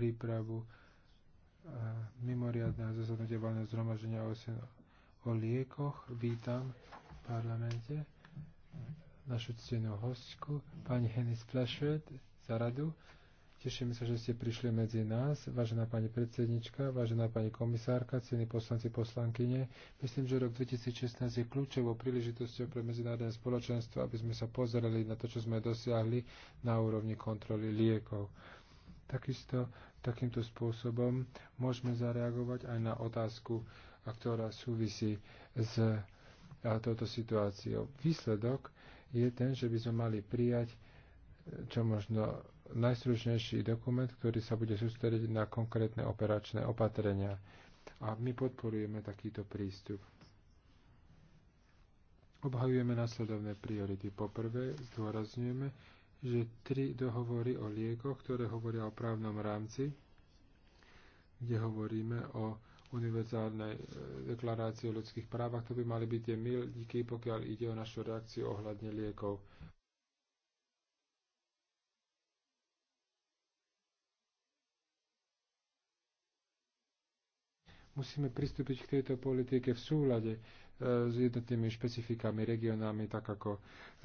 prípravu mimoriadného zasadnutia valného zhromaždenia OSN o liekoch. Vítam v parlamente našu ctenú hostku, pani Hennis Flašet za radu. Tešíme sa, že ste prišli medzi nás, vážená pani predsednička, vážená pani komisárka, cení poslanci, poslankyne. Myslím, že rok 2016 je kľúčovou príležitosťou pre medzinárodné spoločenstvo, aby sme sa pozreli na to, čo sme dosiahli na úrovni kontroly liekov. Takisto takýmto spôsobom môžeme zareagovať aj na otázku, ktorá súvisí s touto situáciou. Výsledok je ten, že by sme mali prijať e, čo možno najstručnejší dokument, ktorý sa bude sústrediť na konkrétne operačné opatrenia. A my podporujeme takýto prístup. Obhajujeme nasledovné priority. Poprvé, zdôrazňujeme, že tri dohovory o liekoch, ktoré hovoria o právnom rámci, kde hovoríme o univerzálnej e, deklarácii o ľudských právach, to by mali byť tie milníky, pokiaľ ide o našu reakciu ohľadne liekov. Musíme pristúpiť k tejto politike v súlade s jednotnými špecifikami, regionálmi, tak ako,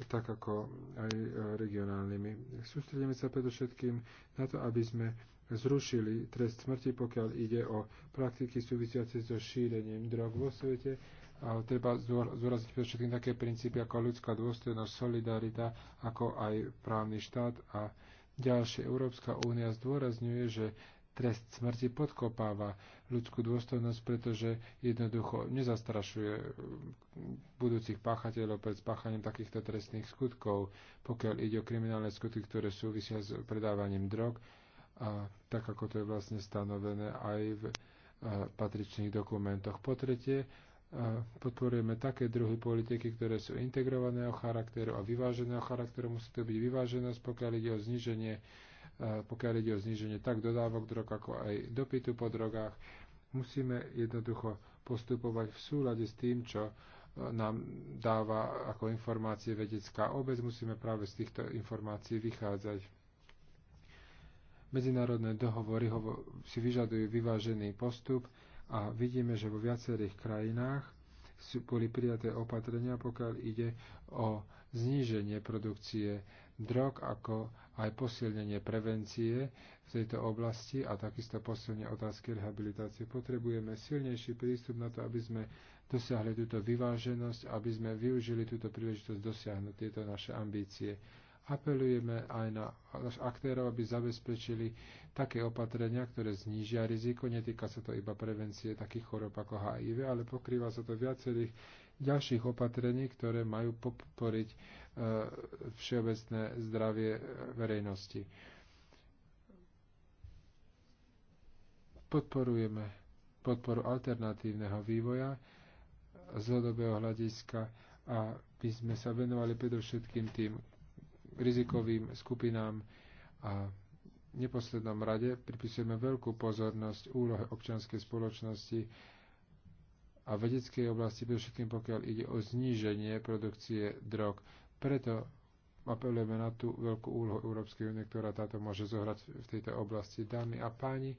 tak ako aj e, regionálnymi. Sústredíme sa predovšetkým na to, aby sme zrušili trest smrti, pokiaľ ide o praktiky súvisiace so šírením drog vo svete. A treba zdôrazniť predovšetkým také princípy ako ľudská dôstojnosť, solidarita, ako aj právny štát a ďalšie. Európska únia zdôrazňuje, že trest smrti podkopáva ľudskú dôstojnosť, pretože jednoducho nezastrašuje budúcich páchateľov pred spáchaním takýchto trestných skutkov, pokiaľ ide o kriminálne skutky, ktoré súvisia s predávaním drog, a tak ako to je vlastne stanovené aj v e, patričných dokumentoch. Po tretie, e, podporujeme také druhy politiky, ktoré sú integrovaného charakteru a vyváženého charakteru. Musí to byť vyváženosť, pokiaľ ide o zniženie pokiaľ ide o zniženie tak dodávok drog, ako aj dopytu po drogách. Musíme jednoducho postupovať v súlade s tým, čo e, nám dáva ako informácie vedecká obec. Musíme práve z týchto informácií vychádzať. Medzinárodné dohovory si vyžadujú vyvážený postup a vidíme, že vo viacerých krajinách boli prijaté opatrenia, pokiaľ ide o zníženie produkcie drog, ako aj posilnenie prevencie v tejto oblasti a takisto posilnenie otázky rehabilitácie. Potrebujeme silnejší prístup na to, aby sme dosiahli túto vyváženosť, aby sme využili túto príležitosť dosiahnuť tieto naše ambície apelujeme aj na aktérov, aby zabezpečili také opatrenia, ktoré znížia riziko. Netýka sa to iba prevencie takých chorób ako HIV, ale pokrýva sa to viacerých ďalších opatrení, ktoré majú podporiť e, všeobecné zdravie e, verejnosti. Podporujeme podporu alternatívneho vývoja z hľadiska a by sme sa venovali predovšetkým tým rizikovým skupinám a v neposlednom rade pripisujeme veľkú pozornosť úlohe občianskej spoločnosti a vedeckej oblasti, predovšetkým pokiaľ ide o zníženie produkcie drog. Preto apelujeme na tú veľkú úlohu Európskej únie, ktorá táto môže zohrať v tejto oblasti. Dámy a páni,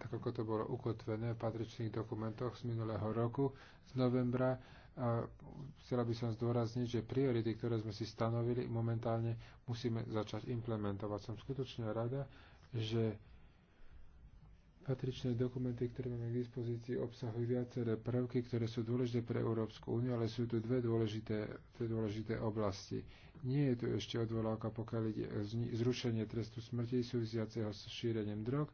tak ako to bolo ukotvené v patričných dokumentoch z minulého roku, z novembra, chcela by som zdôrazniť, že priority, ktoré sme si stanovili, momentálne musíme začať implementovať. Som skutočne rada, že patričné dokumenty, ktoré máme k dispozícii, obsahujú viaceré prvky, ktoré sú dôležité pre Európsku úniu, ale sú tu dve dôležité, dve dôležité oblasti. Nie je tu ešte odvolávka, pokiaľ ide zrušenie trestu smrti súvisiaceho s šírením drog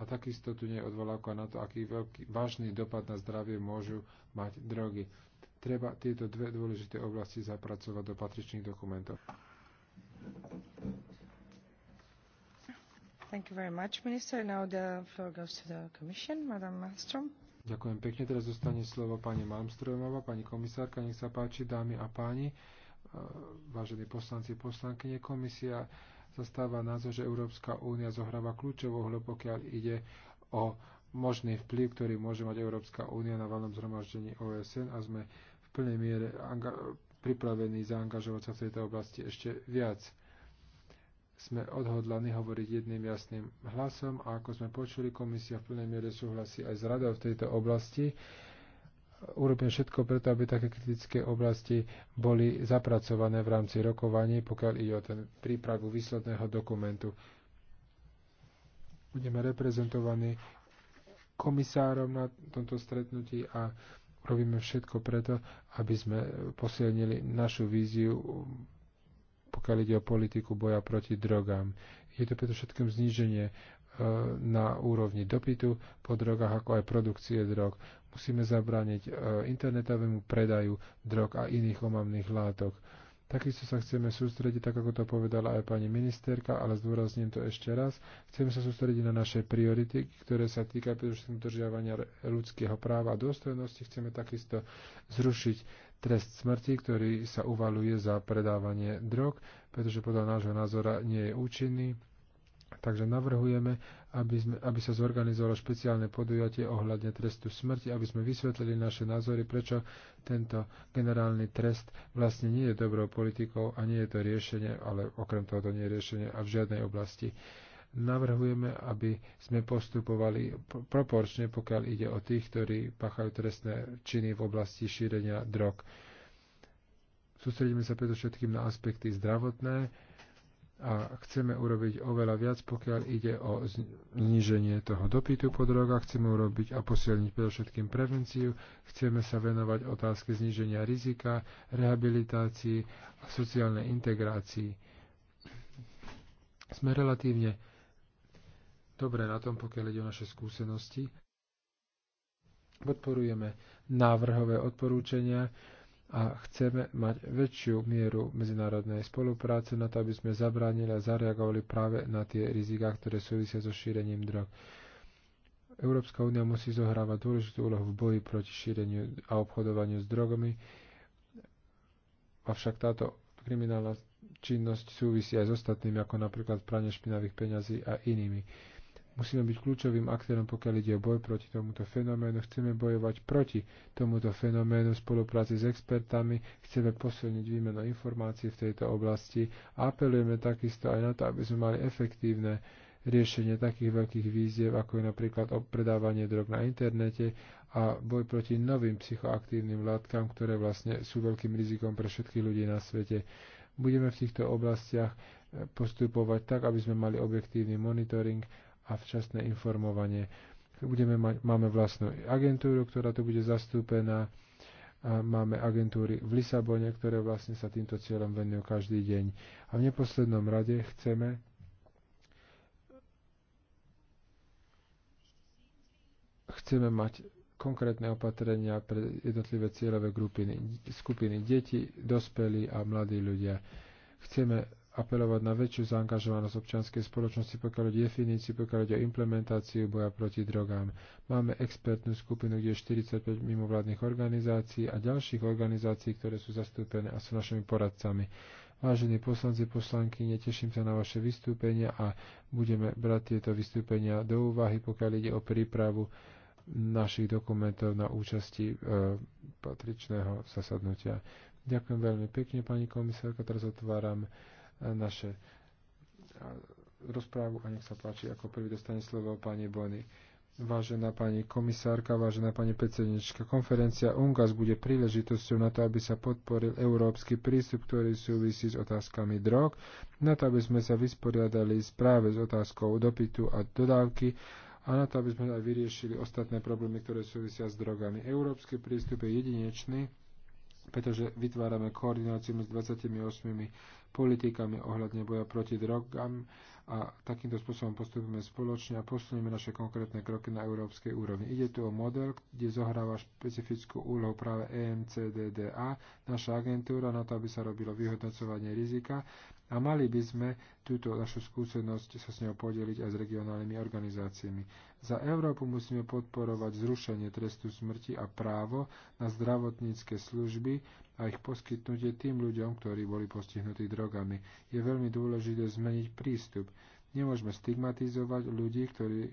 a takisto tu nie je odvolávka na to, aký veľký, vážny dopad na zdravie môžu mať drogy. Treba tieto dve dôležité oblasti zapracovať do patričných dokumentov. Thank you very much, Minister. Now the floor goes to the Commission, Madam Malmström. Ďakujem pekne. Teraz zostane slovo pani Malmströmova. pani komisárka. Nech sa páči, dámy a páni, e, vážení poslanci, poslankyne, komisia zastáva názor, že Európska únia zohráva kľúčovú hľu, pokiaľ ide o možný vplyv, ktorý môže mať Európska únia na valnom zhromaždení OSN a sme plnej miere pripravení zaangažovať sa v tejto oblasti ešte viac. Sme odhodlani hovoriť jedným jasným hlasom a ako sme počuli, komisia v plnej miere súhlasí aj s radou v tejto oblasti. Urobím všetko preto, aby také kritické oblasti boli zapracované v rámci rokovaní, pokiaľ ide o ten prípravu výsledného dokumentu. Budeme reprezentovaní komisárom na tomto stretnutí a robíme všetko preto, aby sme posilnili našu víziu, pokiaľ ide o politiku boja proti drogám. Je to všetkým zníženie e, na úrovni dopytu po drogách, ako aj produkcie drog. Musíme zabrániť e, internetovému predaju drog a iných omamných látok. Takisto sa chceme sústrediť, tak ako to povedala aj pani ministerka, ale zdôrazním to ešte raz, chceme sa sústrediť na naše priority, ktoré sa týkajú predovšetkým dodržiavania ľudského práva a dôstojnosti. Chceme takisto zrušiť trest smrti, ktorý sa uvaluje za predávanie drog, pretože podľa nášho názora nie je účinný Takže navrhujeme, aby, sme, aby sa zorganizovalo špeciálne podujatie ohľadne trestu smrti, aby sme vysvetlili naše názory, prečo tento generálny trest vlastne nie je dobrou politikou a nie je to riešenie, ale okrem toho to nie je riešenie a v žiadnej oblasti. Navrhujeme, aby sme postupovali proporčne, pokiaľ ide o tých, ktorí páchajú trestné činy v oblasti šírenia drog. Sústredíme sa predovšetkým na aspekty zdravotné, a chceme urobiť oveľa viac, pokiaľ ide o zniženie toho dopytu po drogách, chceme urobiť a posilniť predovšetkým prevenciu, chceme sa venovať otázke zniženia rizika, rehabilitácii a sociálnej integrácii. Sme relatívne dobre na tom, pokiaľ ide o naše skúsenosti. Podporujeme návrhové odporúčania, a chceme mať väčšiu mieru medzinárodnej spolupráce na to, aby sme zabránili a zareagovali práve na tie riziká, ktoré súvisia so šírením drog. Európska únia musí zohrávať dôležitú úlohu v boji proti šíreniu a obchodovaniu s drogami, avšak táto kriminálna činnosť súvisí aj s ostatnými, ako napríklad pranie špinavých peňazí a inými Musíme byť kľúčovým aktérom, pokiaľ ide o boj proti tomuto fenoménu. Chceme bojovať proti tomuto fenoménu v spolupráci s expertami. Chceme posilniť výmenu informácií v tejto oblasti a apelujeme takisto aj na to, aby sme mali efektívne riešenie takých veľkých výziev, ako je napríklad predávanie drog na internete a boj proti novým psychoaktívnym látkam, ktoré vlastne sú veľkým rizikom pre všetkých ľudí na svete. Budeme v týchto oblastiach postupovať tak, aby sme mali objektívny monitoring a včasné informovanie. Budeme mať, máme vlastnú agentúru, ktorá tu bude zastúpená. A máme agentúry v Lisabone, ktoré vlastne sa týmto cieľom venujú každý deň. A v neposlednom rade chceme chceme mať konkrétne opatrenia pre jednotlivé cieľové grupiny, skupiny deti, dospelí a mladí ľudia. Chceme apelovať na väčšiu zaangažovanosť občianskej spoločnosti, pokiaľ o definíciu, pokiaľ o implementáciu boja proti drogám. Máme expertnú skupinu, kde je 45 mimovládnych organizácií a ďalších organizácií, ktoré sú zastúpené a sú našimi poradcami. Vážení poslanci, poslanky, neteším sa na vaše vystúpenia a budeme brať tieto vystúpenia do úvahy, pokiaľ ide o prípravu našich dokumentov na účasti e, patričného zasadnutia. Ďakujem veľmi pekne, pani komisárka. Teraz otváram naše rozprávu a nech sa páči, ako prvý dostane slovo pani Bony. Vážená pani komisárka, vážená pani predsednička, konferencia UNGAS bude príležitosťou na to, aby sa podporil európsky prístup, ktorý súvisí s otázkami drog, na to, aby sme sa vysporiadali práve s otázkou dopytu a dodávky a na to, aby sme aj vyriešili ostatné problémy, ktoré súvisia s drogami. Európsky prístup je jedinečný pretože vytvárame koordináciu medzi 28 politikami ohľadne boja proti drogám a takýmto spôsobom postupíme spoločne a posuneme naše konkrétne kroky na európskej úrovni. Ide tu o model, kde zohráva špecifickú úlohu práve EMCDDA, naša agentúra, na to, aby sa robilo vyhodnocovanie rizika a mali by sme túto našu skúsenosť sa s ňou podeliť aj s regionálnymi organizáciami. Za Európu musíme podporovať zrušenie trestu smrti a právo na zdravotnícke služby, a ich poskytnutie tým ľuďom, ktorí boli postihnutí drogami. Je veľmi dôležité zmeniť prístup. Nemôžeme stigmatizovať ľudí, ktorí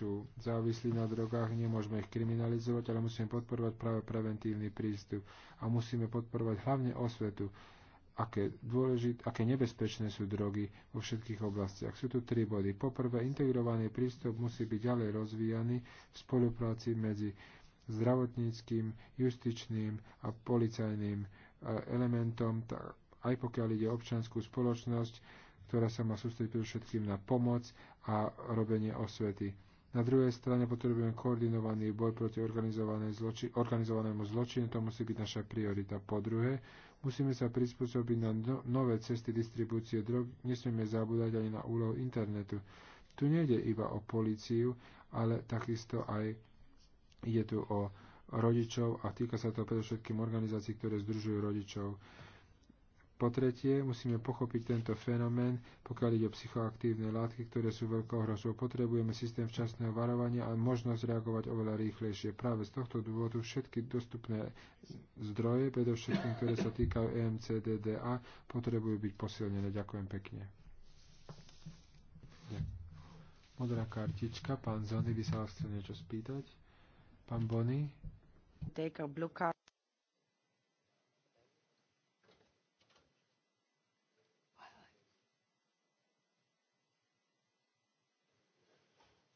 sú závislí na drogách, nemôžeme ich kriminalizovať, ale musíme podporovať práve preventívny prístup a musíme podporovať hlavne osvetu, aké, dôležit, aké nebezpečné sú drogy vo všetkých oblastiach. Sú tu tri body. Poprvé, integrovaný prístup musí byť ďalej rozvíjaný v spolupráci medzi zdravotníckým, justičným a policajným e, elementom, aj pokiaľ ide občanskú spoločnosť, ktorá sa má sústrediť predovšetkým na pomoc a robenie osvety. Na druhej strane potrebujeme koordinovaný boj proti zloči- organizovanému zločinu, to musí byť naša priorita. Po druhé, musíme sa prispôsobiť na no- nové cesty distribúcie drog, nesmieme zabúdať ani na úlohu internetu. Tu nejde iba o políciu, ale takisto aj Ide tu o rodičov a týka sa to predovšetkým organizácií, ktoré združujú rodičov. Po tretie, musíme pochopiť tento fenomén, pokiaľ ide o psychoaktívne látky, ktoré sú veľkou hrozbou. Potrebujeme systém včasného varovania a možnosť reagovať oveľa rýchlejšie. Práve z tohto dôvodu všetky dostupné zdroje, predovšetkým, ktoré sa týkajú EMCDDA, potrebujú byť posilnené. Ďakujem pekne. Modrá kartička, pán Zony vy sa vás chcete niečo spýtať? Pán Bony. Take a blue card.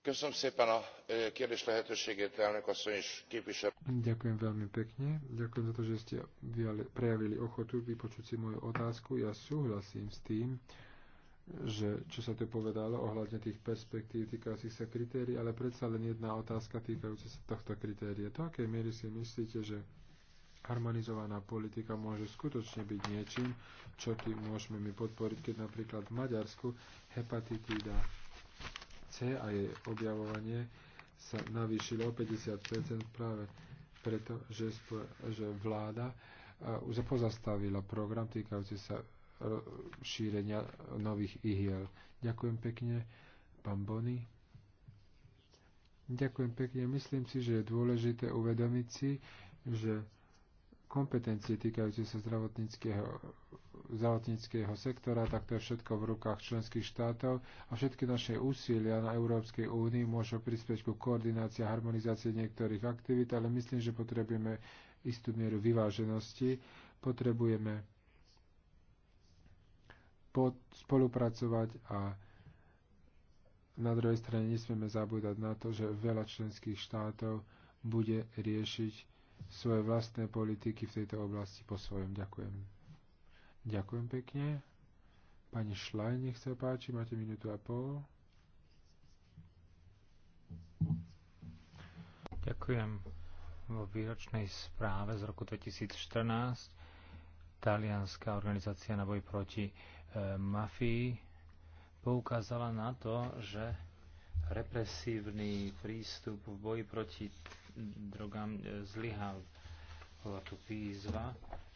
Ďakujem veľmi pekne. Ďakujem za to, že ste prejavili ochotu vypočuť si moju otázku. Ja súhlasím s tým, že čo sa tu povedalo ohľadne tých perspektív týkajúcich sa kritérií, ale predsa len jedna otázka týkajúca sa tohto kritéria. Do akej miery si myslíte, že harmonizovaná politika môže skutočne byť niečím, čo ty môžeme my podporiť, keď napríklad v Maďarsku hepatitída C a jej objavovanie sa navýšilo o 50% práve preto, že, že vláda uh, pozastavila program týkajúci sa šírenia nových ihiel. Ďakujem pekne, pán Bony. Ďakujem pekne. Myslím si, že je dôležité uvedomiť si, že kompetencie týkajúce sa zdravotníckého, zdravotníckého sektora, tak to je všetko v rukách členských štátov a všetky naše úsilia na Európskej únii môžu prispieť ku koordinácii a harmonizácii niektorých aktivít, ale myslím, že potrebujeme istú mieru vyváženosti, potrebujeme pod, spolupracovať a na druhej strane nesmieme zabúdať na to, že veľa členských štátov bude riešiť svoje vlastné politiky v tejto oblasti po svojom. Ďakujem. Ďakujem pekne. Pani Šlaj, nech sa páči, máte minútu a pol. Ďakujem. Vo výročnej správe z roku 2014 Talianská organizácia na boj proti mafii poukázala na to, že represívny prístup v boji proti drogám e, zlyhal. Bola tu výzva,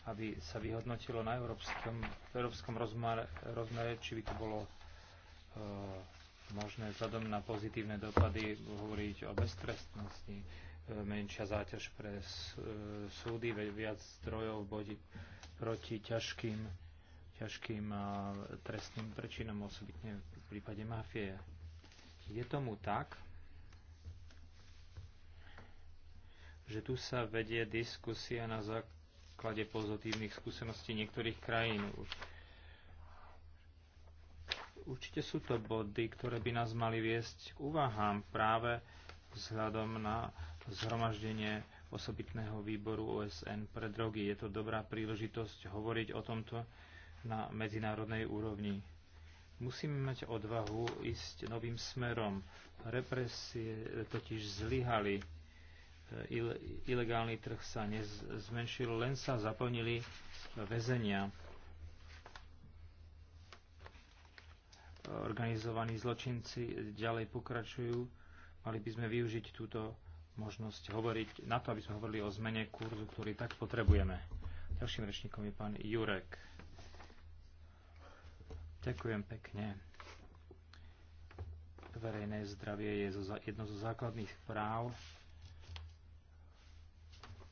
aby sa vyhodnotilo na európskom, európskom rozmere, rozmere, či by to bolo e, možné vzhľadom na pozitívne dopady hovoriť o beztrestnosti, e, menšia záťaž pre e, súdy, viac zdrojov v boji proti ťažkým ťažkým trestným prečinom, osobitne v prípade mafie. Je tomu tak, že tu sa vedie diskusia na základe pozitívnych skúseností niektorých krajín. Určite sú to body, ktoré by nás mali viesť k úvahám práve vzhľadom na zhromaždenie osobitného výboru OSN pre drogy. Je to dobrá príležitosť hovoriť o tomto na medzinárodnej úrovni. Musíme mať odvahu ísť novým smerom. Represie totiž zlyhali. Ilegálny trh sa nezmenšil, len sa zaplnili väzenia. organizovaní zločinci ďalej pokračujú. Mali by sme využiť túto možnosť hovoriť na to, aby sme hovorili o zmene kurzu, ktorý tak potrebujeme. Ďalším rečníkom je pán Jurek. Ďakujem pekne. Verejné zdravie je jedno zo základných práv,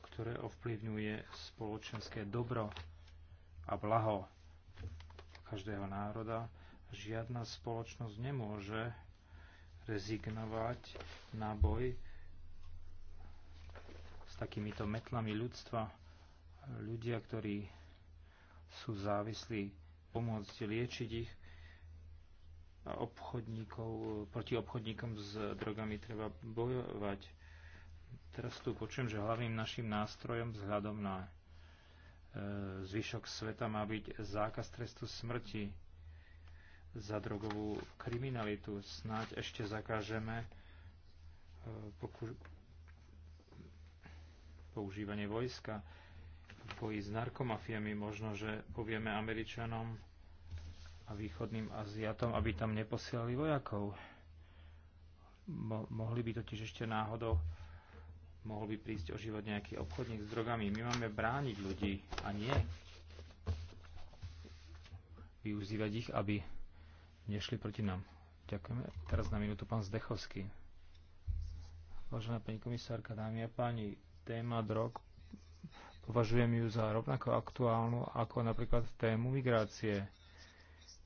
ktoré ovplyvňuje spoločenské dobro a blaho každého národa. Žiadna spoločnosť nemôže rezignovať na boj s takýmito metlami ľudstva. Ľudia, ktorí sú závislí pomôcť liečiť ich a obchodníkov, proti obchodníkom s drogami treba bojovať. Teraz tu počujem, že hlavným našim nástrojom vzhľadom na e, zvyšok sveta má byť zákaz trestu smrti za drogovú kriminalitu. Snáď ešte zakážeme e, používanie vojska v boji s narkomafiami. Možno, že povieme Američanom, a východným Aziatom, aby tam neposielali vojakov. Mo- mohli by totiž ešte náhodou mohol by prísť o život nejaký obchodník s drogami. My máme brániť ľudí a nie využívať ich, aby nešli proti nám. Ďakujeme. Teraz na minútu pán Zdechovský. Vážená pani komisárka, dámy a páni, téma drog považujem ju za rovnako aktuálnu ako napríklad tému migrácie.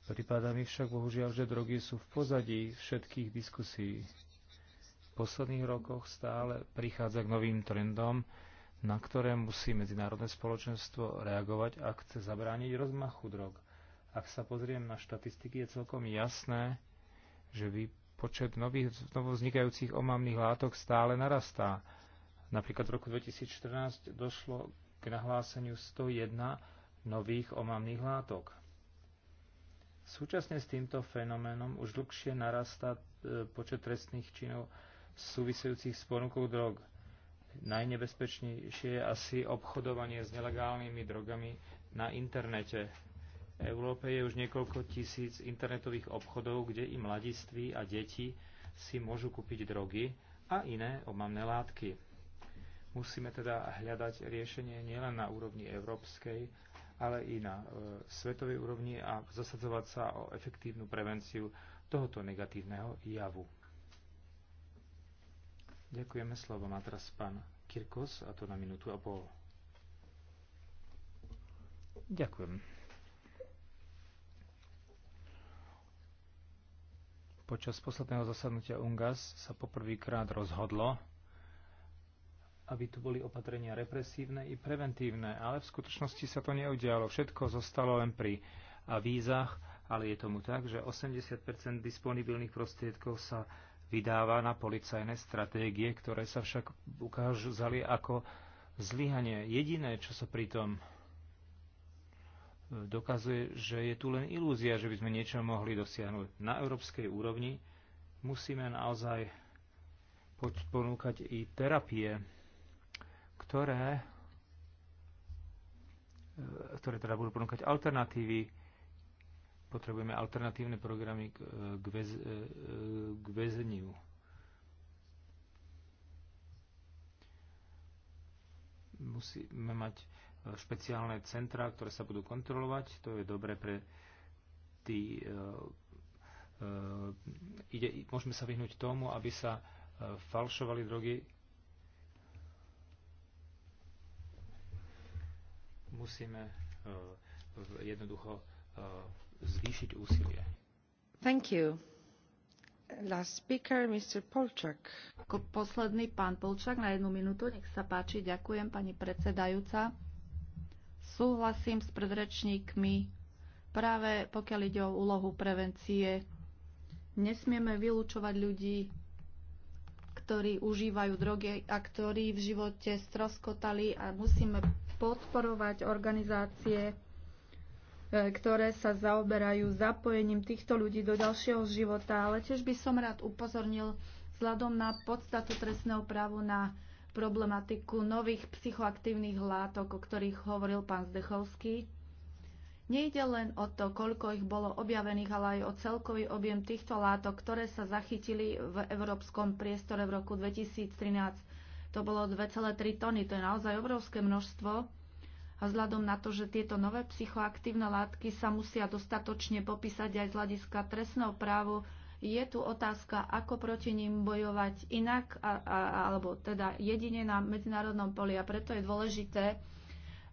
Pripadá mi však bohužiaľ, že drogy sú v pozadí všetkých diskusí. V posledných rokoch stále prichádza k novým trendom, na ktoré musí medzinárodné spoločenstvo reagovať, ak chce zabrániť rozmachu drog. Ak sa pozriem na štatistiky, je celkom jasné, že počet nových, novovznikajúcich omamných látok stále narastá. Napríklad v roku 2014 došlo k nahláseniu 101 nových omamných látok. Súčasne s týmto fenoménom už dlhšie narastá e, počet trestných činov súvisejúcich s ponukou drog. Najnebezpečnejšie je asi obchodovanie s nelegálnymi drogami na internete. V Európe je už niekoľko tisíc internetových obchodov, kde i mladiství a deti si môžu kúpiť drogy a iné omamné látky. Musíme teda hľadať riešenie nielen na úrovni európskej, ale i na e, svetovej úrovni a zasadzovať sa o efektívnu prevenciu tohoto negatívneho javu. Ďakujeme slovo. Má teraz pán Kirkos a to na minútu a pol. Ďakujem. Počas posledného zasadnutia UNGAS sa poprvýkrát rozhodlo, aby tu boli opatrenia represívne i preventívne, ale v skutočnosti sa to neudialo. Všetko zostalo len pri vízach, ale je tomu tak, že 80 disponibilných prostriedkov sa vydáva na policajné stratégie, ktoré sa však ukázali ako zlyhanie. Jediné, čo sa pritom e, dokazuje, že je tu len ilúzia, že by sme niečo mohli dosiahnuť. Na európskej úrovni musíme naozaj ponúkať i terapie ktoré, e, ktoré teda budú ponúkať alternatívy. Potrebujeme alternatívne programy k, e, väz, e, k väzeniu. Musíme mať špeciálne centrá, ktoré sa budú kontrolovať. To je dobre pre tí... ide, môžeme sa vyhnúť tomu, aby sa falšovali drogy Musíme eh, jednoducho eh, zvýšiť úsilie. Thank you. Last speaker, Mr. Polčak. Ako posledný pán Polčak na jednu minútu, nech sa páči. Ďakujem, pani predsedajúca. Súhlasím s predrečníkmi práve pokiaľ ide o úlohu prevencie. Nesmieme vylúčovať ľudí, ktorí užívajú drogy a ktorí v živote stroskotali a musíme podporovať organizácie, e, ktoré sa zaoberajú zapojením týchto ľudí do ďalšieho života. Ale tiež by som rád upozornil vzhľadom na podstatu trestného právu na problematiku nových psychoaktívnych látok, o ktorých hovoril pán Zdechovský. Nejde len o to, koľko ich bolo objavených, ale aj o celkový objem týchto látok, ktoré sa zachytili v európskom priestore v roku 2013 to bolo 2,3 tony. To je naozaj obrovské množstvo. A vzhľadom na to, že tieto nové psychoaktívne látky sa musia dostatočne popísať aj z hľadiska trestného právu, je tu otázka, ako proti ním bojovať inak, a, a, alebo teda jedine na medzinárodnom poli. A preto je dôležité a,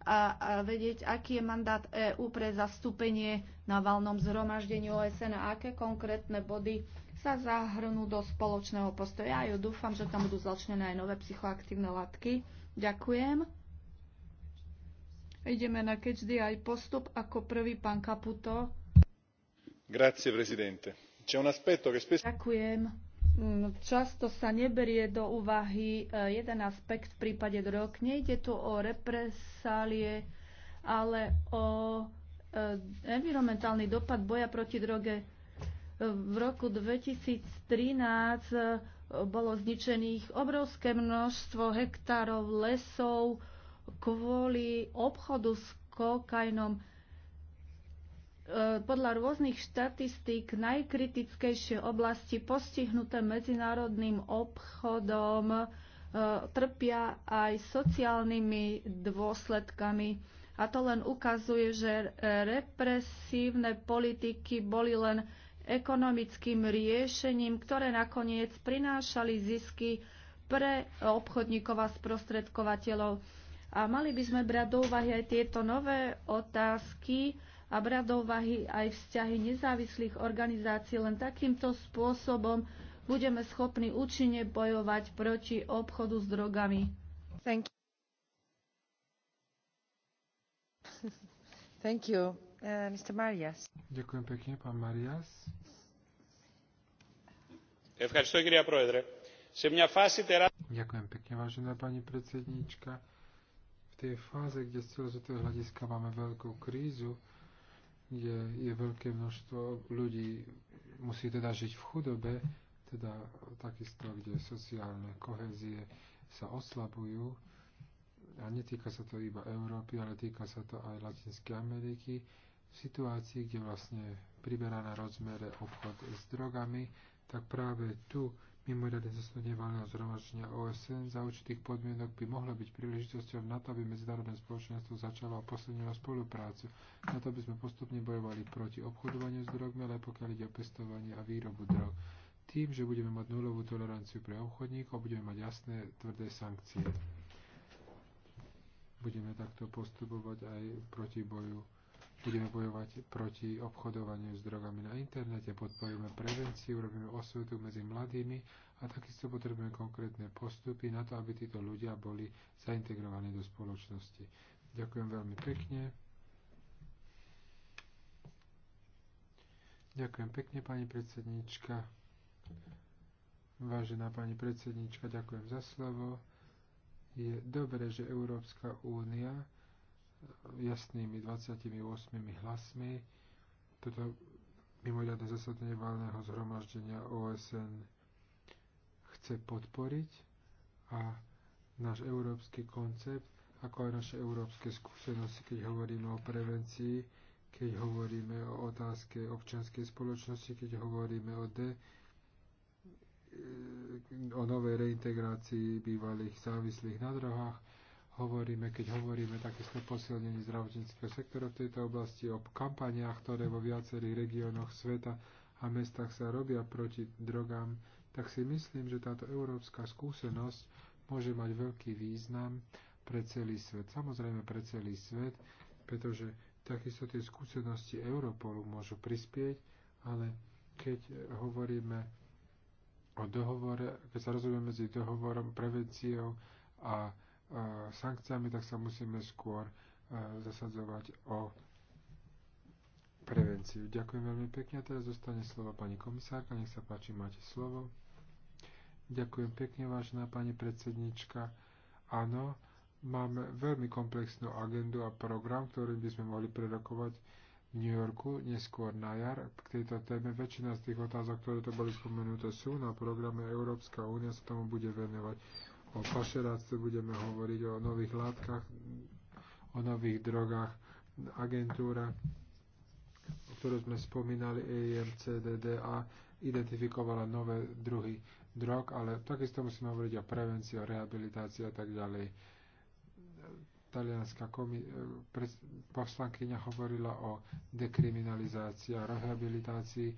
a vedieť, aký je mandát EÚ pre zastúpenie na valnom zhromaždení OSN a aké konkrétne body sa zahrnú do spoločného postoja. Ja ju dúfam, že tam budú začnené aj nové psychoaktívne látky. Ďakujem. Ideme na keďdy aj postup ako prvý pán Kaputo. Grazie, prezidente. C'è un aspetto che spesso... Ďakujem. Mm, často sa neberie do úvahy eh, jeden aspekt v prípade drog. Nejde tu o represálie, ale o eh, environmentálny dopad boja proti droge v roku 2013 e, bolo zničených obrovské množstvo hektárov lesov kvôli obchodu s kokainom. E, podľa rôznych štatistík najkritickejšie oblasti postihnuté medzinárodným obchodom e, trpia aj sociálnymi dôsledkami. A to len ukazuje, že represívne politiky boli len ekonomickým riešením, ktoré nakoniec prinášali zisky pre obchodníkov a sprostredkovateľov. A mali by sme brať do úvahy aj tieto nové otázky a brať do úvahy aj vzťahy nezávislých organizácií. Len takýmto spôsobom budeme schopní účinne bojovať proti obchodu s drogami. Thank you. Thank you. Uh, Mr. Marias. Ďakujem pekne, pán Marias. Ďakujem pekne, vážená pani predsedníčka. V tej fáze, kde z celozvetového hľadiska máme veľkú krízu, kde je veľké množstvo ľudí, musí teda žiť v chudobe, teda takisto, kde sociálne kohézie sa oslabujú. A netýka sa to iba Európy, ale týka sa to aj Latinskej Ameriky, v situácii, kde vlastne priberá na rozmere obchod s drogami, tak práve tu mimoriadne zasadnutie valného zhromaždenia OSN za určitých podmienok by mohlo byť príležitosťou na to, aby medzinárodné spoločenstvo začalo a posilnilo spoluprácu. Na to by sme postupne bojovali proti obchodovaniu s drogmi, ale pokiaľ ide o pestovanie a výrobu drog. Tým, že budeme mať nulovú toleranciu pre obchodníkov, budeme mať jasné, tvrdé sankcie. Budeme takto postupovať aj proti boju budeme bojovať proti obchodovaniu s drogami na internete, podporujeme prevenciu, robíme osvetu medzi mladými a takisto potrebujeme konkrétne postupy na to, aby títo ľudia boli zaintegrovaní do spoločnosti. Ďakujem veľmi pekne. Ďakujem pekne, pani predsednička. Vážená pani predsednička, ďakujem za slovo. Je dobré, že Európska únia jasnými 28 hlasmi toto mimoriadne zasadanie valného zhromaždenia OSN chce podporiť a náš európsky koncept, ako aj naše európske skúsenosti, keď hovoríme o prevencii, keď hovoríme o otázke občianskej spoločnosti, keď hovoríme o D, e, o novej reintegrácii bývalých závislých na drohách, hovoríme, keď hovoríme takisto posilnení zdravotníckého sektora v tejto oblasti, o kampaniách, ktoré vo viacerých regiónoch sveta a mestách sa robia proti drogám, tak si myslím, že táto európska skúsenosť môže mať veľký význam pre celý svet. Samozrejme pre celý svet, pretože takisto tie skúsenosti Europolu môžu prispieť, ale keď hovoríme o dohovore, keď sa rozumieme medzi dohovorom, prevenciou a sankciami, tak sa musíme skôr e, zasadzovať o prevenciu. Ďakujem veľmi pekne. A teraz zostane slovo pani komisárka. Nech sa páči, máte slovo. Ďakujem pekne, vážená pani predsednička. Áno, máme veľmi komplexnú agendu a program, ktorý by sme mohli prerokovať v New Yorku neskôr na jar. K tejto téme väčšina z tých otázok, ktoré to boli spomenuté, sú na programe Európska únia sa tomu bude venovať o pašeráctve, budeme hovoriť o nových látkach, o nových drogách. Agentúra, ktorú sme spomínali, EMCDDA, identifikovala nové druhy drog, ale takisto musíme hovoriť o prevencii, o rehabilitácii a tak ďalej. Talianská komi- poslankyňa hovorila o dekriminalizácii a rehabilitácii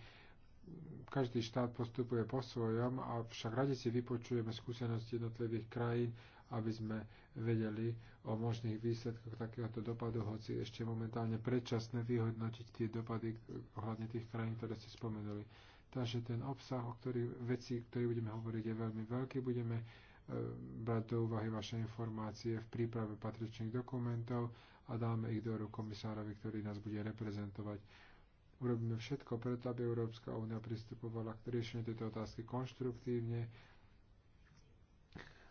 každý štát postupuje po svojom, avšak radi si vypočujeme skúsenosti jednotlivých krajín, aby sme vedeli o možných výsledkoch takéhoto dopadu, hoci ešte momentálne predčasné vyhodnotiť tie dopady ohľadne tých krajín, ktoré ste spomenuli. Takže ten obsah, o ktorých veci, ktorých budeme hovoriť, je veľmi veľký. Budeme e, brať do úvahy vaše informácie v príprave patričných dokumentov a dáme ich do ruku komisárovi, ktorý nás bude reprezentovať Urobíme všetko preto, aby Európska únia pristupovala k riešeniu tejto otázky konštruktívne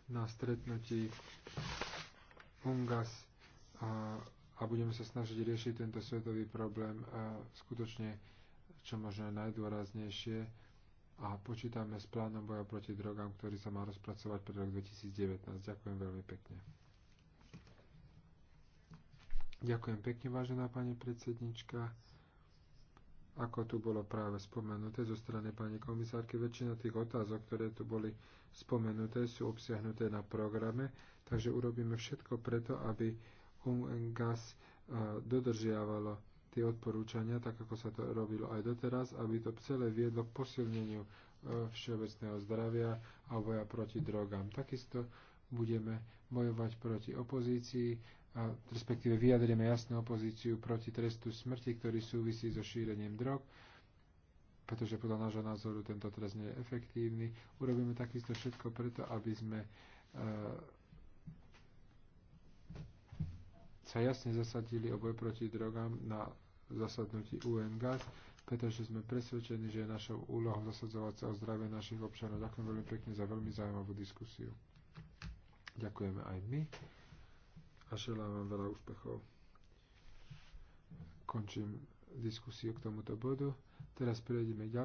na stretnutí UNGAS a, a budeme sa snažiť riešiť tento svetový problém a skutočne čo možno najdôraznejšie a počítame s plánom boja proti drogám, ktorý sa má rozpracovať pre rok 2019. Ďakujem veľmi pekne. Ďakujem pekne, vážená pani predsednička. Ako tu bolo práve spomenuté zo strany pani komisárky, väčšina tých otázok, ktoré tu boli spomenuté, sú obsiahnuté na programe, takže urobíme všetko preto, aby UNGAS e, dodržiavalo tie odporúčania, tak ako sa to robilo aj doteraz, aby to celé viedlo k posilneniu e, všeobecného zdravia a boja proti drogám. Takisto budeme bojovať proti opozícii a respektíve vyjadrieme jasnú opozíciu proti trestu smrti, ktorý súvisí so šírením drog, pretože podľa nášho názoru tento trest nie je efektívny. Urobíme takisto všetko preto, aby sme uh, sa jasne zasadili o boj proti drogám na zasadnutí UNGAS, pretože sme presvedčení, že je našou úlohou zasadzovať sa o zdravie našich občanov. Ďakujem veľmi pekne za veľmi zaujímavú diskusiu. Ďakujeme aj my a želám vám veľa úspechov. Končím diskusiu k tomuto bodu. Teraz prejdeme ďalej.